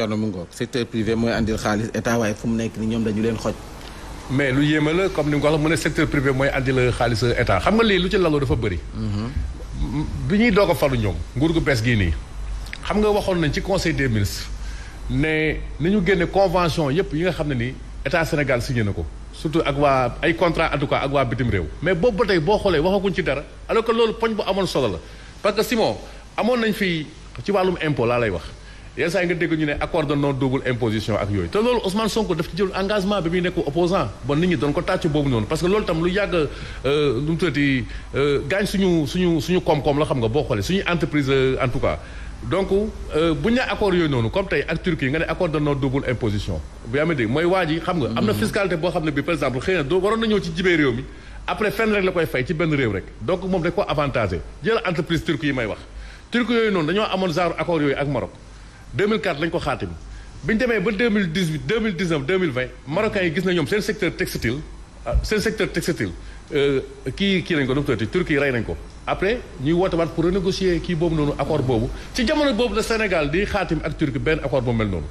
Thierno mu ngoog secteur privé mooy andil xaalis état waaye fu mu nekk ni ñoom dañu leen xoj. mais lu yéeme la comme ni nga ko waxee mu ne secteur privé mooy andil xaalis état xam nga lii lu ci laloo dafa bëri. Mm-hmm. bi ñuy doog a falu ñoom nguur gu bees gii nii. xam nga waxoon nañ ci conseil des ministres ne ni ñu génne convention yépp yi nga xam ne ni état Sénégal si na ko surtout ak waa ay contrat en tout cas ak waa bitim réew. mais boobu ba tey boo xoolee waxaguñ ci dara alors que loolu poñ bu solo la parce que Simon amoon nañ fi ci wàllum impôt lay wax. yenn saa nga dégg ñu ne accord de non double imposition ak yooyu te loolu Ousmane Sonko daf ci jël engagement bi muy nekk opposant bon nit ñi doon ko euh, euh, la xam nga boo xoolee suñu entreprise euh, en tout cas donc noonu comme tey ak Turquie nga ne accord de non double imposition bu yaa ma dégg mooy waa xam nga am na mm. fiscalité boo xam ne bi par exemple xëy na doo waroon na ñëw ci jibee réew mi après fenn rek la koy fay ci benn réew rek donc moom da ko avantagé jël entreprise turque yi may wax turque yooyu noonu dañoo amoon genre accord yooyu ak Maroc 2004 lañ ko xaatim bi ñu demee ba 2018 2019 2020 marocains yi gis na ñoom seen secteur textile ah, seen secteur textile euh, kii kii nañ ko nu mu tuddati Turquie rey nañ ko après ñuy woote waat pour renégocier kii boobu noonu accord boobu ci jamono boobu la Sénégal di xaatim ak Turquie benn accord bu mel noonu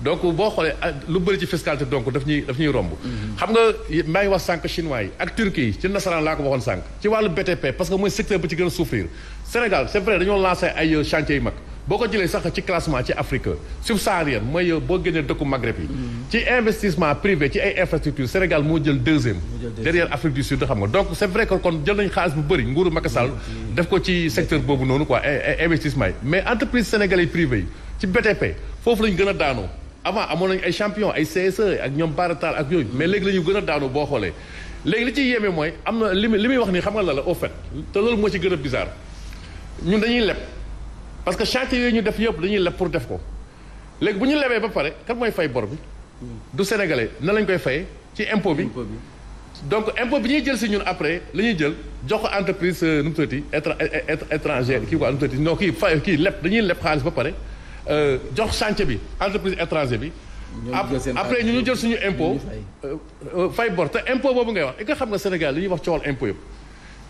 donc boo xoolee ah, lu bëri ci fiscalité donc daf ñuy daf ñuy romb. Mm-hmm. xam nga maa ngi wax sànq chinois ak turquie yi ci nasaraan laa ko waxoon ci wàllu BTP parce que mooy secteur bi ci gën a souffrir Sénégal c' boo ko jëlee sax ci classement ci Afrique subsaharienne mooy boo génnee dëkku Maghreb yi. ci investissement privé ci ay infrastructures Sénégal moo jël deuxième. derrière Afrique du Sud xam nga donc c' est vrai que kon jël nañ xaalis bu bëri nguuru Macky def ko ci secteur boobu noonu ko ay investissement yi mais entreprise sénégalais privées yi ci BTP foofu lañ gën a daanoo avant amoon nañu ay champion ay CSE ak ñoom Baratal ak yooyu mais léegi la ñu gën a daanoo boo xoolee. léegi li ci yéeme mooy am na li li muy wax nii xam nga la la au fait te loolu moo ci gën a bizarre ñun dañuy leb parce que chantier yooyu ñu def yëpp dañuy leb pour def ko léegi bu ñu lebee ba pare kan mooy fay bor bi hmm. du sénégalais na lañ koy fay ci impôt bi donc impôt bi ñuy jël si ñun après la ñuy jël jox ko entreprise euh, nu mu tuddati étranger kii quoi nu mu kii fay kii leb dañuy leb ba pare euh, jox chantier bi entreprise étranger bi après ñu ñu jël suñu impôt euh, fay bor te impôt boobu ngay wax i nga xam nga Sénégal li ñuy wax cool impôt yëpp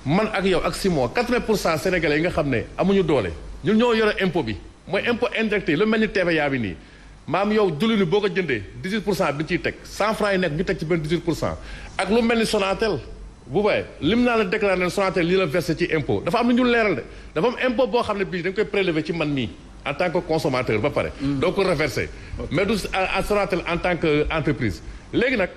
man ak yow ak Simon quatre-vingt pour cent sénégalais yi nga xam ne amuñu doole ñun ñoo yore impôt bi mooy impôt indirect yi lu mel ni TVA bi nii maam yow dulinu boo ko jëndee 18 pour cent bi ciy teg 100 francs yi nekk ñu teg ci benn 18 pour cent ak lu mel ni Sonatel bu baye lim naa la déclaré leen Sonatel lii la versé ci impôt dafa am lu ñu leeral de dafa am impôt boo xam ne bii dañ koy prélever ci man mii en tant que consommateur ba pare. Mm. doo ko reversé. mais du à Sonatel en tant que entreprise léegi nag.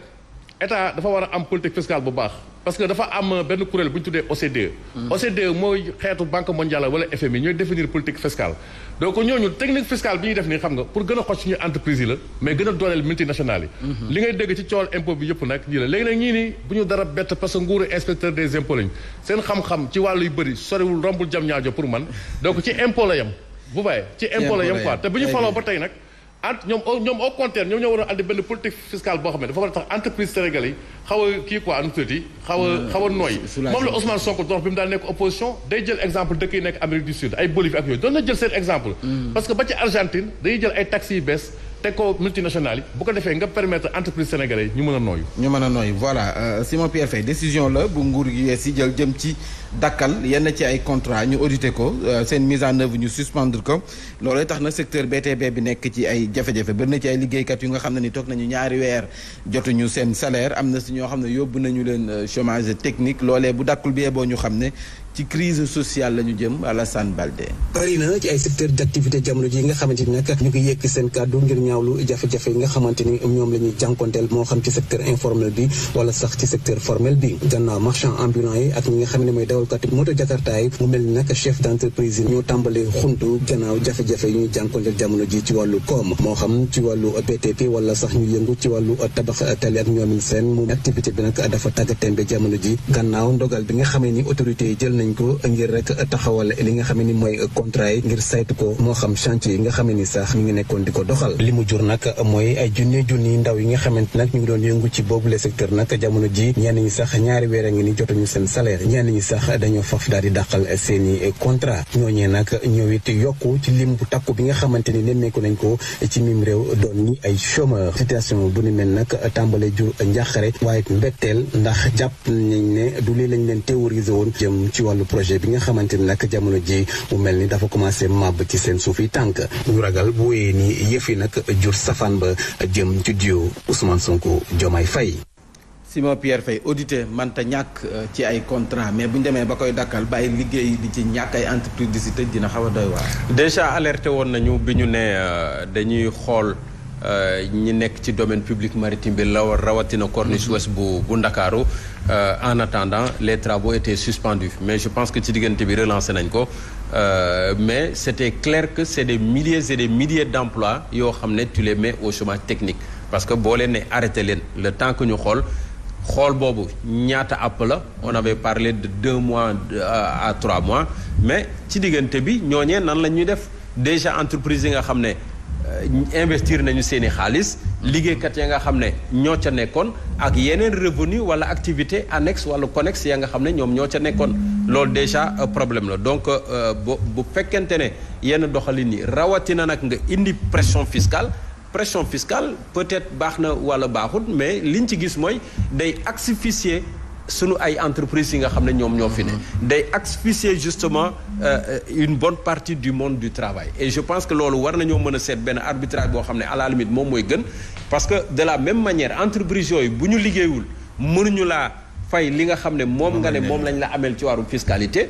état dafa war a am politique fiscale bu baax parce que dafa am benn kuréel bu ñu tuddee OCDE. Hmm. OCDE mooy xeetu banque mondiale wala FMI ñooy définir politique fiscale. donc ñooñu technique fiscale bi ñu def nii xam nga pour gën a xoj suñuy entreprise yi la mais gën a dooleel multinationales yi. Hmm. li ngay dégg ci coowal impôt bi yëpp nag ñii la léegi nag ñii nii bu ñu dara bett parce que nguuru inspecteur des impôts lañ seen xam-xam ci wàll yu bëri soriwul rombul jam ñaajo pour man donc ci la yem. bu bàyyee ci impôt te bu ñu tey nag. ent ñoom ñoom au contraire ñoom ñoo waroon andi benn politique fiscale boo xam dafa war a tax entreprise sénégalais yi xaw a kii quoi nu mu a xaw a nooy moom la Ousmane Sonko dox Sud ay Bolivie ak yooyu doon na jël seen exemple mm. parce que ba ci Argentine dañuy jël ay taxes yu bees teg ko multinationales yi bu ko defee nga permettre entreprise sénégalais yi ñu mën a nooyu ñu mën a nooyu voilà euh, Simon Pierre Faye décision la bu nguur gi yees yi jël jëm ci dakkal yenn ci ay contrat ñu audité ko euh, seen mise en œuvre ñu suspendre ko loolooy tax na secteur BTP bi nekk ci ay jafe-jafe bari na ci ay liggéeykat yu nga xam ne ni toog nañu ñaari weer jotuñu seen salaire am na si ñoo xam ne yóbbu nañu leen euh, chômage technique loolee bu dakkul bi boo ñu xam ne ci crise sociale la ñu jëm Alassane Balde. bari na ci ay secteur d' jamono ji nga xamante ni nag ñu ngi yëkk seen kàddu ngir ñaawlu jafe-jafe yi nga xamante ni ñoom la ñuy jànkonteel moo xam ci secteur informel bi wala sax ci secteur formel bi gannaaw marchand ambulant yi ak ñi nga xam ne mooy dawal dawalkati moto jakarta yi mu mel ni nag chef d'entreprise yi ñoo tàmbale xuntu gannaaw jafe-jafe yu ñu jànkonteel jamono ji ci wàllu koom moo xam ci wàllu BTP wala sax ñu yëngu ci wàllu a tali ak ñoomin seen moom activité bi nag dafa tàggatembe jamono ji gannaaw ndogal bi nga xamee ni autorités yi jël nañ ko ngir rek taxawal li nga xamee ni mooy contrat yi ngir sayt ko moo xam chantier yi nga xamee ni sax mu ngi nekkoon di ko doxal li mu jur nag mooy ay junni junni ndaw yi nga xamante nag ñu ngi doon yëngu ci boobu le secteur nag jamono ji ñenn ñi sax ñaari weer a ngi ni jotuñu seen salaire ñenn ñi sax sax dañoo faf daal di daqal seeni contrat ñooñee nag ñëw it yokku ci lim bu takku bi nga xamante ni nemmeeku nañ ko ci mim réew doon ni ay chômeur situation bu ni mel nag tàmbale jur njàqare waaye mbetteel ndax jàpp nañ ne du lii lañ leen théorisé woon jëm ci wàllu projet bi nga xamante ni nag jamono ji mu mel ni dafa commencé màbb ci seen suuf yi tànk ñu ragal bu wéyee ni yëf yi nag jur safaan ba jëm ci diw Ousmane Sonko Diomaye Faye Simon Pierre Faye audité manta ñàkk euh, ci ay contrat mais bu ñu demee ba koy dakkal bàyyi liggéey di ci ñàkk ay entreprise di si tëj dina xaw a doy waar. déjà alerté woon nañu bi ñu ne euh, dañuy xool. Euh, ñi nekk ci domaine public maritime bi la rawatina corniche mm-hmm. ouest bu bu Ndakaaru en attendant les travaux étaient suspendus mais je pense que ci diggante bi relancé nañ ko mais c'était clair que c'est des milliers des milliers d'emplois yoo xam ne tu mais au chômage technique parce que boo leen leen le temps que ñu xool xool boobu ñaata app la on avait parlé deux mois euh, à trois mois mais ci diggante bi ñooñee nan la ñuy def déjà entreprise yi nga xam ne euh, investir nañu seen i xaalis liggéeykat ya nga xam ne ñoo ca nekkoon ak yeneen revenu wala activité annexe wala connexe ya nga xam ne ñoom ñoo ca nekkoon loolu déjà euh, problème la donc bu bu fekkente ne yenn doxalin yi rawatina nag nga indi pression fiscale pression fiscale peut-être baax na wala baaxut mais li ñu ci gis mooy day asphyxier sunu ay entreprise yi nga xam ne ñoom ñoo fi ne. day asphyxier justement euh, une bonne partie du monde du travail et je pense que loolu war nañoo mën a seet benn arbitrage boo xam ne à la moom mooy gën parce que de la même manière entreprise yooyu bu ñu liggéeyul mënuñu laa fay li nga xam ne moom nga ne moom lañ la ameel ci wàllu fiscalité.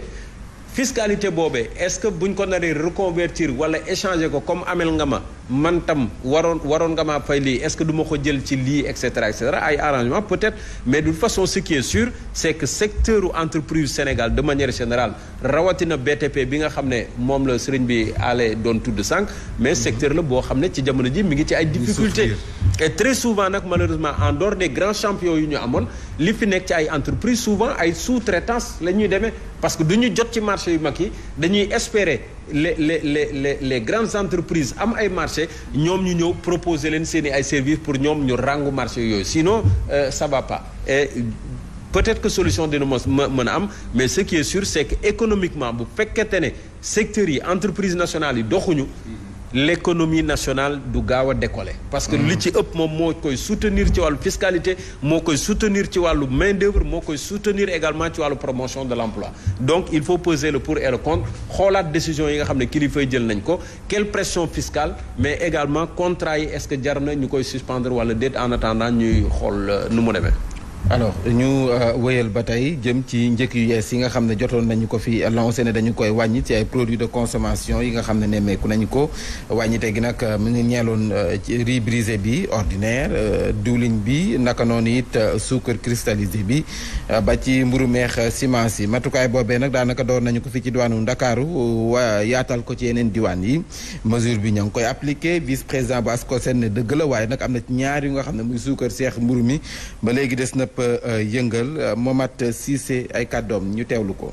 fiscalité boobee est-ce que buñ ko naree reconvertir wala échanger ko comme amel nga ma. man tam waroon waroon nga maa fay lii est-ce que du ma ko jël ci lii et cetera et cetera ay arrangement peut-être mais de toute façon ce qui est sûr c'est secteur entreprise Sénégal de manière générale rawatina BTP bi nga xam ne moom la sëriñ bi ale doon tudd sànq mais mhm. secteur la boo xam ne ci jamono ji mi ngi ci ay difficultés et très souvent nag malheureusement en dehors des grands champions yu ñu amoon li fi nekk ci ay entreprises souvent ay sous-traitance la ñuy demee parce que du ñu jot ci marché yu mag yi dañuy espérer les les les les les grandes entreprises am ay marché ñoom ñu ñëw proposer leen seen i ay services pour ñoom ñu ràngu marché yooyu sinon euh, ça va pas et peut-être que solution dina mos ma mën a am mais ce qui est sûr c'est que économiquement bu fekkente ne secteurs yi entreprise nationale yi doxuñu l'économie nationale du gaaw a décoller parce que li ci ëpp moom moo koy soutenir ci wàllu fiscalité moo koy soutenir ci wàllu main d'œuvre moo koy soutenir également ci wàllu promotion de l'emploi donc il faut peser le pour et le xoolaat décision yi nga xam ne kilifay jël nañ ko quelle pression fiscale mais également contrat yi est-ce que jar na ñu koy suspendre wala déet en attendant ñuy xool euh, nu mu demee alors ñu euh, wéyal ba tey jëm ci njëkk yu yees yi nga xam ne jotoon nañu ko fi loncé ne dañu koy wàññi ci ay produits de consommation yi nga xam ne ne nemmeeku nañu ko wàññite gi nag euh, mu ngi ñeeloon euh, riz brisé bi ordinaire diwlin bi naka noonu it sucre cristallisé bi ba ci mburu meex semence yi matukaay boobee nag daanaka door nañu ko fi ci diwaanu Ndakaaru yaatal ko ci yeneen diwaan yi mesure bi ñoo ngi koy appliqué vice président bu ASCOSEN ne dëgg la waaye nag am na ci ñaar yu nga xam ne muy suukar seex mburu mi Euh, yëngal euh, Momat Cissé ay kàddoom ñu teewlu ko.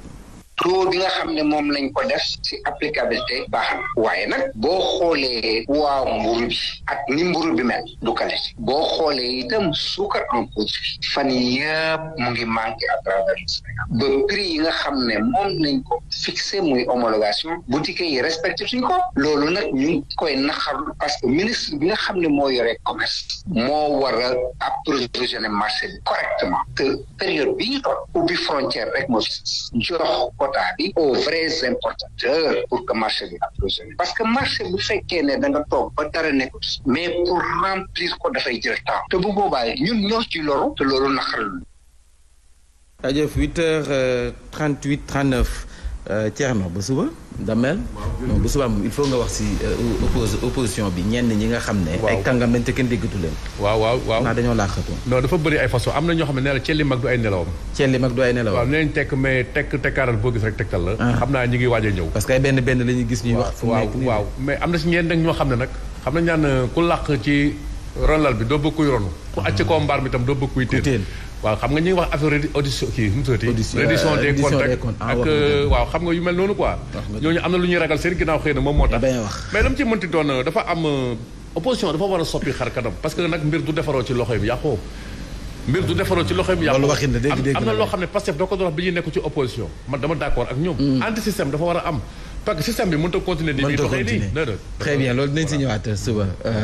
trop bi nga xam ne moom lañ ko def ci applicabilité baax na waaye nag boo xoolee waaw mburu bi ak ni mburu bi mel du qualité boo xoolee itam suukar en poudre bi fan yëpp mu ngi manqué à travers ba prix yi nga xam ne moom nañ ko fixé muy homologation boutique yi respecté suñ ko loolu nag ñu ngi koy naxarlu parce ministre bi nga xam ne moo yore commerce moo war a approvisionner marché bi correctement te période bi ñu toog ubbi frontière rek moo jox potable aux vrais importateurs pour que marché bi parce que marché bu fekkee ne danga toog ba dara nekkul mais pour remplir ko dafay jël temps te bu boobaa ñun ñoo ci loolu te loolu naqarlu jaajëf huit heures euh, trente huit trente neuf Euh, Thierno ba suba Damel non bu subaa moom il faut nga wax si euh, opposition bi ñenn ñi nga xam ne ay kàngam lañ te kenn déggatu leen waaw waaw waaw naa dañoo laaxatu non dafa bëri ay façon am na ñoo xam ne nee la celli mag du ay nelawam celli mag du ay nelawam waaw nee tekk mais tekk tekkaaral boo gis rek ah. xam naa ñi a ñëw que benn benn la gis ñuy wax fu waaw mais am na si nag ñoo xam ne nag xam na ñaan euh, ku làq ci lal bi doo bëgg kuy ronu ku acc ah. koo mbaar mi tam doo bëgg kuy téel waaw xam nga ñu mel noonu quoi ñooñu am na lu ñuy ragal seen ginnaaw xëy na moom moo tax eh, mais lam ci mënti euh, dafa am euh, opposition dafa war a soppi xar kanam parce que nag mbir du defaroo ci loxo yi mbir du defaroo ci loxo yi yàqoo am na loo xam ne Pastef da ko doon wax bi ñuy nekk ci opposition dama d'accord ak ñoom mm. anti système dafa war a am parce que système bi mënut continuer nii loolu dinañ si ñëwaat suba euh,